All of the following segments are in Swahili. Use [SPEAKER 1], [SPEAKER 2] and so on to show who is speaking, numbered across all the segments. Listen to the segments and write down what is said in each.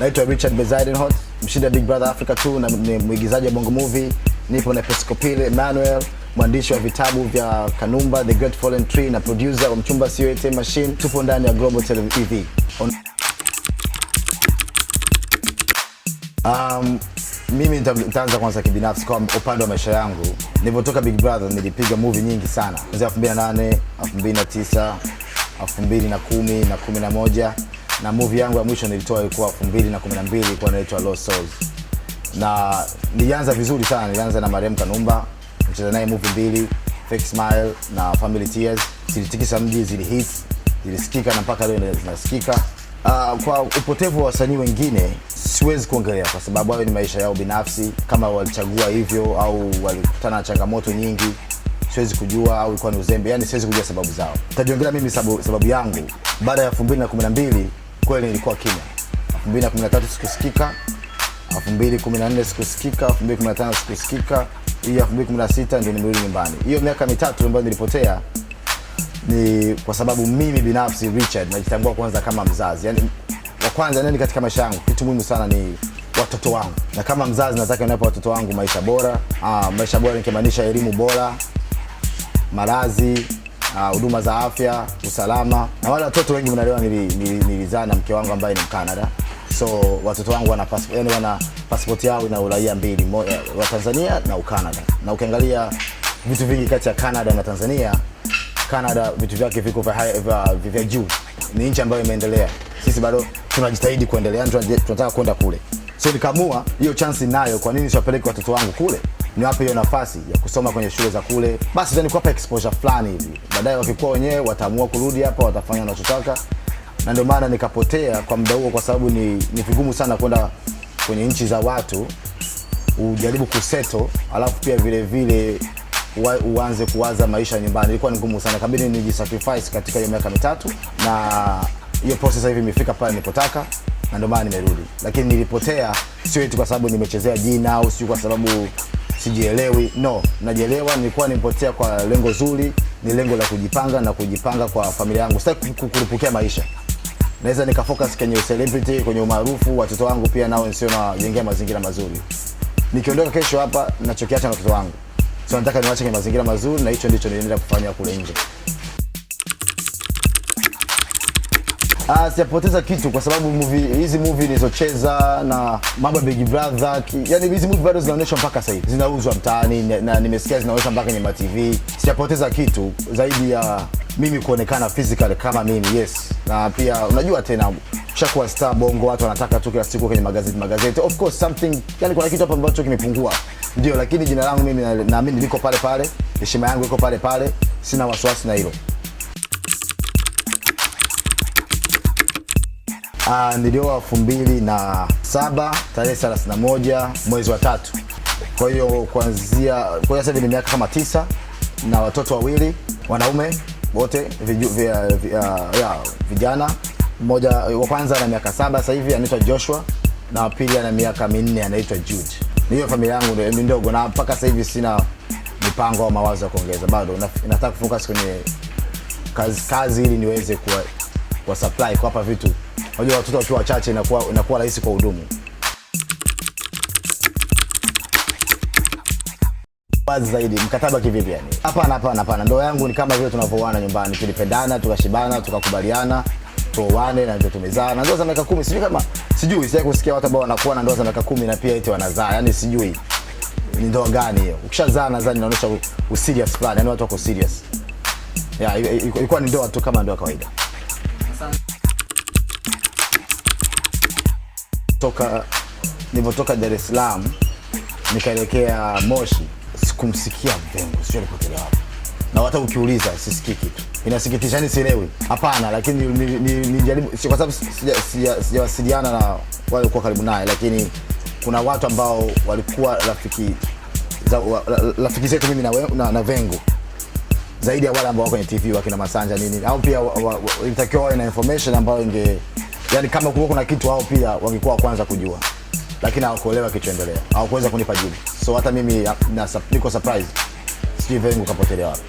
[SPEAKER 1] Naitwa Richard Bezidenhout, mshindi wa Big Brother Africa 2 na ni mwigizaji wa Bongo Movie. Nipo na Pescopile Emmanuel, mwandishi wa vitabu vya Kanumba, The Great Fallen Tree na producer wa Mchumba Siyote Machine. Tupo ndani ya Global TV. Um, mimi nitaanza kwanza kibinafsi, kwa upande wa maisha yangu, nilivyotoka Big Brother nilipiga movie nyingi sana, kuanzia 2008, 2009, 2010 na 11, na movie yangu ya mwisho nilitoa ilikuwa 2012, ilikuwa inaitwa Lost Souls, na nilianza vizuri sana. Nilianza na Mariam Kanumba, mcheza naye movie mbili, Fake Smile na Family Tears, zilitikisa mji, zilihit, zilisikika na mpaka leo zinasikika. Uh, kwa upotevu wa wasanii wengine siwezi kuongelea kwa sababu hayo ni maisha yao binafsi, kama walichagua hivyo au walikutana na changamoto nyingi, siwezi kujua, au ilikuwa ni uzembe, yani siwezi kujua sababu zao. Nitajiongelea mimi sababu, sababu yangu baada ya 2012 kweli nilikuwa kimya. 2013 sikusikika, 2014 sikusikika, 2015 sikusikika, hii 2016 ndio nimerudi nyumbani. Hiyo miaka mitatu ambayo nilipotea ni kwa sababu mimi binafsi Richard najitambua kwanza kama mzazi, Yaani wa kwanza nani katika maisha yangu, kitu muhimu sana ni watoto wangu, na kama mzazi nataka niwape watoto wangu maisha bora. Aa, ah, maisha bora nikimaanisha elimu bora, malazi, ah, huduma za afya, usalama. Na wale watoto wengi mnaelewa, nilizaa na mke wangu ambaye ni Mkanada, so watoto wangu wana pasipoti, yani wana pasipoti yao ina uraia mbili, moja wa Tanzania na Ukanada, na ukiangalia vitu vingi kati ya Canada na Tanzania Canada vitu vyake viko vya juu, ni nchi ambayo imeendelea. Sisi bado tunajitahidi kuendelea, tunataka kwenda kule. So nikaamua hiyo chance nayo, kwa nini siwapeleke watoto wangu kule? Niwape hiyo nafasi ya kusoma kwenye shule za kule, basi tani kuwapa exposure fulani hivi, baadaye wakikuwa wenyewe wataamua kurudi hapa, watafanya wanachotaka. Na ndio maana nikapotea kwa muda huo, kwa sababu ni, ni vigumu sana kwenda kwenye nchi za watu ujaribu kuseto, alafu pia vile vile uanze kuwaza maisha nyumbani. Ilikuwa ni ngumu sana, ikabidi nijisacrifice katika hiyo miaka mitatu, na hiyo process hivi imefika pale nilipotaka, na ndio maana nimerudi. Lakini nilipotea sio eti kwa sababu nimechezea jina au sio kwa sababu sijielewi, no, najielewa. Nilikuwa nimepotea kwa lengo zuri, ni lengo la kujipanga na kujipanga kwa familia yangu. Sitaki kukurupukia maisha naweza nikafocus kwenye celebrity kwenye umaarufu. Watoto wangu pia nao nisio na jengea mazingira mazuri. Nikiondoka kesho hapa, nachokiacha na watoto wangu so nataka niwache kwenye mazingira mazuri, na hicho ndicho nilienda kufanya kule nje. Ah, sijapoteza kitu kwa sababu movie hizi movie nilizocheza na Mama Big Brother, yani hizi movie bado zinaonyeshwa mpaka sasa hivi. Zinauzwa mtaani na nimesikia zinaonyeshwa mpaka kwenye TV. Sijapoteza kitu zaidi ya mimi kuonekana physically kama mimi, yes. Na pia unajua tena shakuwa star bongo, watu wanataka tu kila siku kwenye magazeti magazeti. Of course something, yani kuna kitu hapa ambacho kimepungua, ndio. Lakini jina langu mimi naamini liko pale pale, heshima yangu iko pale pale, sina wasiwasi na hilo. Ah, nilioa elfu mbili na saba tarehe 31 mwezi wa tatu. Kwa hiyo kuanzia, kwa hiyo sasa ni miaka kama tisa na watoto wawili wanaume wote viju, vya, vya, ya, vijana mmoja wa kwanza ana miaka saba sasa hivi anaitwa Joshua na wa pili ana miaka minne anaitwa Jude. Ni Hiyo familia yangu ndio ni ndogo, na mpaka sasa hivi sina mipango au mawazo ya kuongeza bado. Nataka kufocus kwenye kazi, kazi ili niweze kuwa, kwa supply kuwapa vitu. Unajua watoto wakiwa wachache inakuwa inakuwa rahisi kwa hudumu. wazi zaidi mkataba kivipi yani? Hapana, hapana, hapana. Ndoa yangu ni kama vile tunavyoana nyumbani, tulipendana, tukashibana, tukakubaliana tuoane na ndio tumezaa. Na ndoa za miaka kumi sijui kama sijui sijai kusikia watu ambao wanakuwa na ndoa za miaka kumi na pia eti wanazaa. yani sijui ni ndoa gani hiyo. Ukishazaa nadhani inaonyesha userious fulani. yani watu wako serious. Ya ilikuwa ni ndoa tu kama ndoa kawaida. Toka nilipotoka Dar es Salaam nikaelekea Moshi sikumsikia Mvengo, sio alipotelea wapi na hata ukiuliza sisikii kitu. Inasikitisha, ni sielewi. Hapana, lakini nijaribu, si kwa sababu sijawasiliana na wale kwa karibu naye, lakini kuna watu ambao walikuwa rafiki rafiki zetu mimi na, na Vengo zaidi ya wale ambao wako kwenye TV wakina Masanja nini, au pia ilitakiwa wawe na information ambayo inge, yani kama kulikuwa kuna kitu, hao pia wangekuwa wa kwanza kujua, lakini hawakuelewa kichoendelea, hawakuweza kunipa jibu. So hata mimi niko surprise, sijui Vengo kapotelea wapi.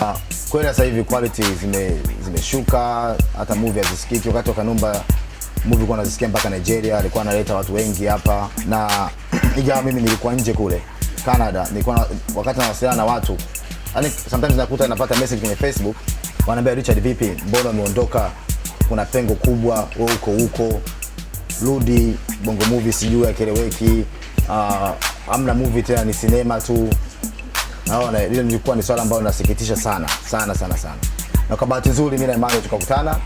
[SPEAKER 1] uh, kweli sasa hivi quality zimeshuka, zime hata movie hazisikiki. Wakati wa Kanumba movie kwa nazisikia mpaka Nigeria, alikuwa analeta watu wengi hapa, na ingawa mimi nilikuwa nje kule Canada, nilikuwa na, wakati nawasiliana na watu yani, sometimes nakuta napata message kwenye Facebook wanaambia Richard, vipi, mbona umeondoka? Kuna pengo kubwa, wewe uko huko, rudi Bongo movie sijui akeleweki, uh, ah, amna movie tena, ni sinema tu naona lile lilikuwa ni swala ambalo linasikitisha sana sana sana sana, na kwa bahati nzuri mimi na Emmanuel tukakutana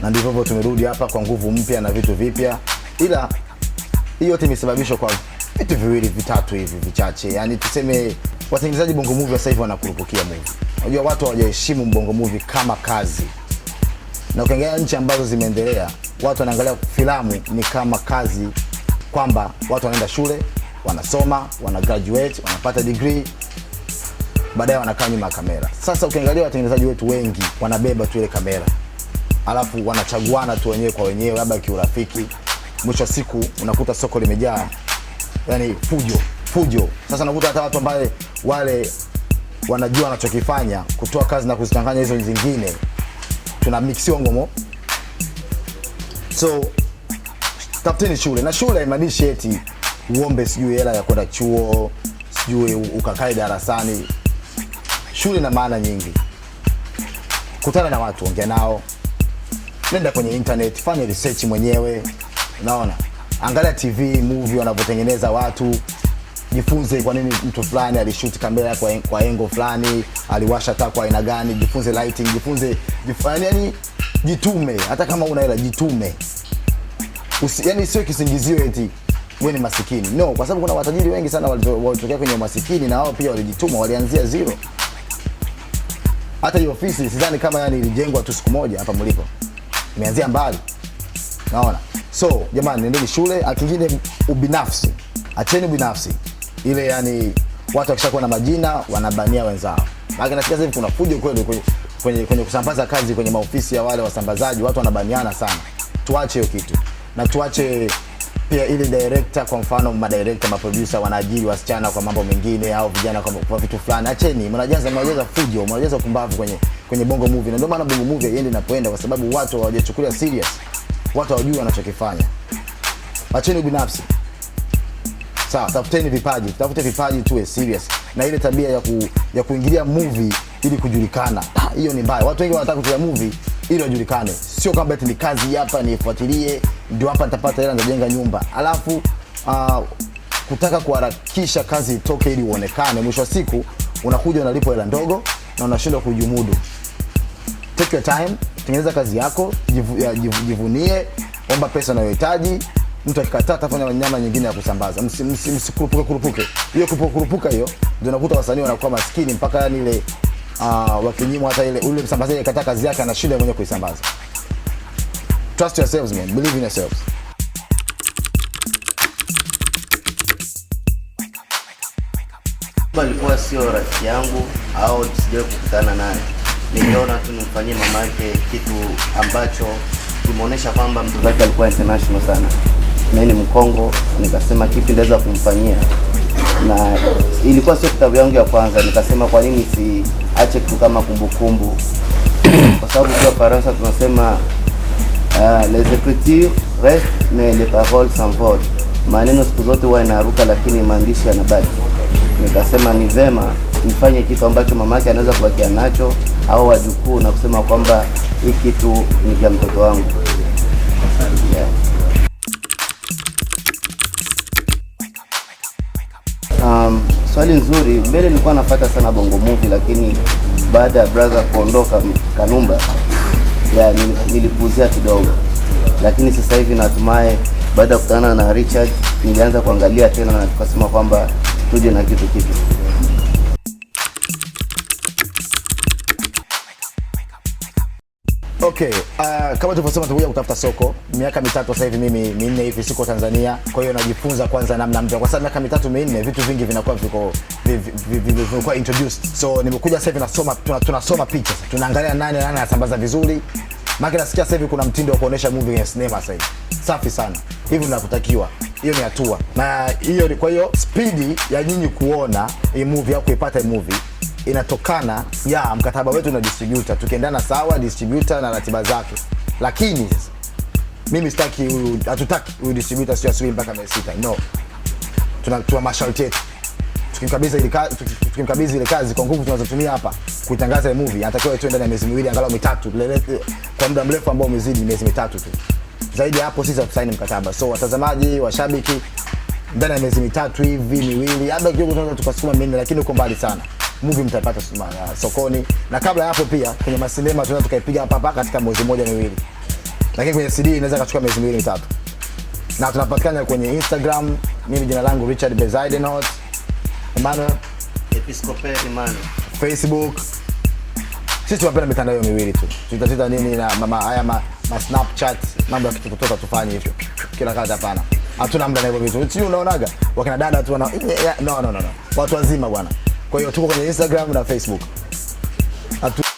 [SPEAKER 1] na ndivyo hivyo tumerudi hapa kwa nguvu mpya na vitu vipya, ila hiyo yote imesababishwa kwa vitu viwili vitatu hivi vichache, yani tuseme watengenezaji Bongo Movie sasa hivi wanakurupukia movie. Unajua watu hawajaheshimu Bongo Movie kama kazi, na ukiangalia nchi ambazo zimeendelea watu wanaangalia filamu ni kama kazi, kwamba watu wanaenda shule wanasoma, wana graduate, wanapata degree baadaye wanakaa nyuma ya kamera. Sasa ukiangalia watengenezaji wetu wengi wanabeba tu ile kamera, alafu wanachaguana tu wenyewe kwa wenyewe, labda kiurafiki. Mwisho wa siku unakuta soko limejaa yani fujo fujo. Sasa unakuta hata watu ambao wale wanajua wanachokifanya kutoa kazi na kuzichanganya hizo zingine, tuna mixiwa ngomo. So tafuteni shule, na shule haimaanishi eti uombe sijui hela ya kwenda chuo, sijui ukakae darasani. Shule na maana nyingi. Kutana na watu, ongea nao, nenda kwenye internet, fanya research mwenyewe, unaona, angalia TV movie wanavyotengeneza watu, jifunze kwa nini mtu fulani alishuti kamera kwa, kwa engo fulani, aliwasha taa kwa aina gani, jifunze lighting, jifunze jifani, yani jitume. Hata kama una hela jitume, yani sio kisingizio eti wewe ni masikini. No, kwa sababu kuna matajiri wengi sana walitokea kwenye umasikini na wao pia walijituma, walianzia zero. Hata hiyo ofisi sidhani kama yani ilijengwa tu siku moja hapa mlipo, imeanzia mbali. Naona so jamani, nendeni shule. Akingine ubinafsi, acheni ubinafsi. ile, yani watu wakishakuwa na majina wanabania wenzao, maana nasikia sasa hivi kuna fujo kweli kwenye, kwenye, kwenye kusambaza kazi kwenye maofisi ya wale wasambazaji, watu wanabaniana sana. Tuache hiyo kitu na tuache pia ili director, kwa mfano madirector, maproducer wanaajiri wasichana kwa mambo mengine au vijana kwa, kwa vitu fulani. Acheni, mnajaza mnajaza fujo, mnajaza kumbavu kwenye kwenye bongo movie, na ndio maana bongo movie haiende inapoenda, kwa sababu watu hawajachukulia serious, watu hawajui wanachokifanya. Acheni binafsi sawa. Tafuteni vipaji, tafute vipaji, tuwe serious na ile tabia ya, ku, ya kuingilia movie ili kujulikana, ah, hiyo ni mbaya. Watu wengi wanataka kutia movie ili wajulikane, sio kwamba ni kazi hapa nifuatilie ndio hapa nitapata hela nitajenga nyumba, alafu uh, kutaka kuharakisha kazi itoke ili uonekane, mwisho wa siku unakuja unalipo hela ndogo na unashindwa kujimudu. Take your time, tengeneza kazi yako, jivu, ya, jivu, jivunie, omba pesa unayohitaji. Mtu akikataa tafanya nyama nyingine ya kusambaza. Msikurupuke kurupuke, hiyo kurupuka hiyo ndio nakuta wasanii wanakuwa maskini mpaka yani ile uh, ah, wakinyimwa hata ile ule msambazaji akataa kazi yake anashinda mwenyewe kuisambaza. Trust yourselves, man. Believe in yourselves. Alikuwa sio rafiki yangu au sijawai kukutana naye, niliona tu nimfanyie mama yake kitu ambacho kimeonyesha kwamba mtoto wake alikuwa international sana. Mimi ni Mkongo, nikasema kipi ndaweza kumfanyia, na ilikuwa sio kitabu yangu ya kwanza. Nikasema kwa nini siache kitu kama kumbukumbu, kwa sababu kwa Faransa tunasema Uh, les écritures restent mais les paroles s'envolent. Maneno siku zote huwa yanaruka, lakini maandishi yanabaki. Nikasema ni vema nifanye kitu ambacho mamake anaweza kubakia nacho au wajukuu, na kusema kwamba hii kitu ni vya mtoto wangu Um, swali nzuri. Mbele nilikuwa nafuata sana bongo movie, lakini baada ya brother kuondoka Kanumba ya nilipuzia kidogo, lakini sasa hivi natumai baada ya kukutana na Richard nilianza kuangalia tena na tukasema kwamba tuje na kitu kipya. Okay, uh, kama tulivyosema tukuja kutafuta soko. Miaka mitatu sasa hivi mimi minne hivi siko Tanzania, kwa hiyo najifunza kwanza namna mpya, kwa sababu miaka mitatu minne vitu vingi vinakuwa viko vimekuwa introduced. So nimekuja sasa hivi nasoma, tunasoma picha, tunaangalia nani nani anasambaza vizuri, maana nasikia sasa hivi kuna mtindo wa kuonesha movie kwenye cinema sasa hivi. Safi sana, hivi navyotakiwa hiyo ni hatua na hiyo. Kwa hiyo spidi ya nyinyi kuona hii movie au kuipata movie inatokana ya mkataba wetu na distributor, tukiendana sawa distributor na ratiba zake, lakini mimi sitaki huyu, hatutaki huyu distributor sio asubuhi mpaka mia sita. No, tuna, tuna masharti yetu. Tukimkabidhi ile kazi, tukimkabidhi ile kazi kwa nguvu tunazotumia hapa kuitangaza ile movie, anatakiwa itoe ndani ya miezi miwili angalau mitatu, kwa muda mrefu ambao umezidi miezi mitatu tu. Zaidi ya hapo sisi hatusaini mkataba. So watazamaji, washabiki, ndani ya miezi mitatu hivi miwili, labda kidogo tunaweza tukasukuma minne, lakini uko mbali sana movie mtapata uh, sokoni, na kabla ya hapo pia kwenye masinema tunaweza tukaipiga hapa hapa katika mwezi mmoja miwili, lakini kwenye CD inaweza kachukua miezi miwili mitatu. Na tunapatikana kwenye Instagram, mimi jina langu Richard Bezaidenot Emmanuel
[SPEAKER 2] Episcopal Emmanuel,
[SPEAKER 1] Facebook sisi tunapenda mitandao hiyo miwili tu, tutatita nini na mama haya ma, ma Snapchat mambo ya kitu tufanye hivyo kila kazi? Hapana, hatuna muda na hivyo vitu. Sio unaonaga wakina dada tu wana eh, eh, no, no, no, no, watu wazima bwana. Kwa hiyo tuko kwenye Instagram na Facebook. Atu